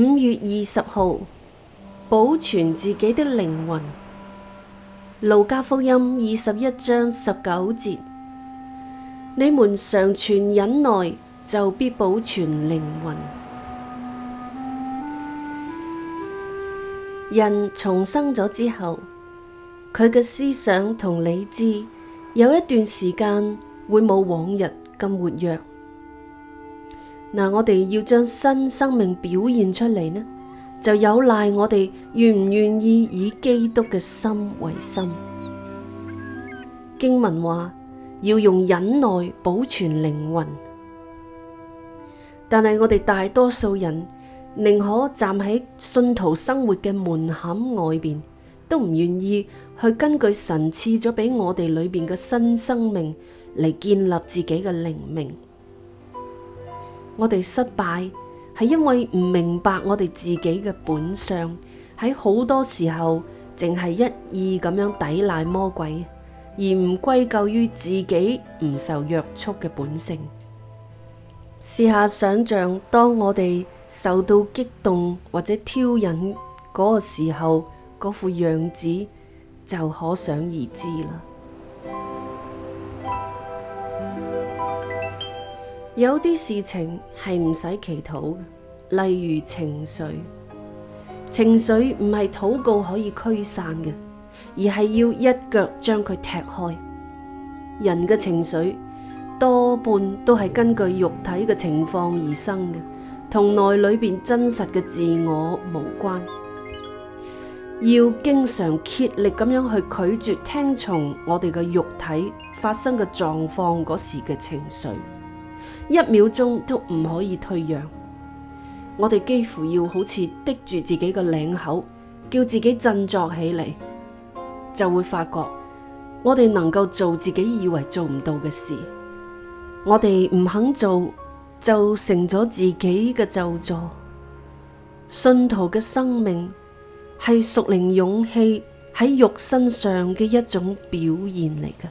五月二十號，保存自己的靈魂。路加福音二十一章十九節：你們常存忍耐，就必保存靈魂。人重生咗之後，佢嘅思想同理智有一段時間會冇往日咁活躍。嗱，我哋要將新生命表現出嚟呢，就有賴我哋願唔願意以基督嘅心為心。經文話要用忍耐保存靈魂，但係我哋大多數人寧可站喺信徒生活嘅門檻外邊，都唔願意去根據神賜咗畀我哋裏邊嘅新生命嚟建立自己嘅靈命。我哋失敗係因為唔明白我哋自己嘅本相，喺好多時候淨係一意咁樣抵賴魔鬼，而唔歸咎於自己唔受約束嘅本性。試下想象，當我哋受到激動或者挑釁嗰個時候，嗰副樣子就可想而知啦。有啲事情，係唔使祈禱嘅，例如情緒。情緒唔係禱告可以驅散嘅，而係要一腳將佢踢開。人嘅情緒多半都係根據肉體嘅情況而生嘅，同內裏邊真實嘅自我無關。要經常竭力咁樣去拒絕聽從我哋嘅肉體發生嘅狀況嗰時嘅情緒。一秒鐘都唔可以退讓，我哋幾乎要好似滴住自己嘅領口，叫自己振作起嚟，就會發覺我哋能夠做自己以為做唔到嘅事。我哋唔肯做，就成咗自己嘅咒詛。信徒嘅生命係屬靈勇氣喺肉身上嘅一種表現嚟嘅。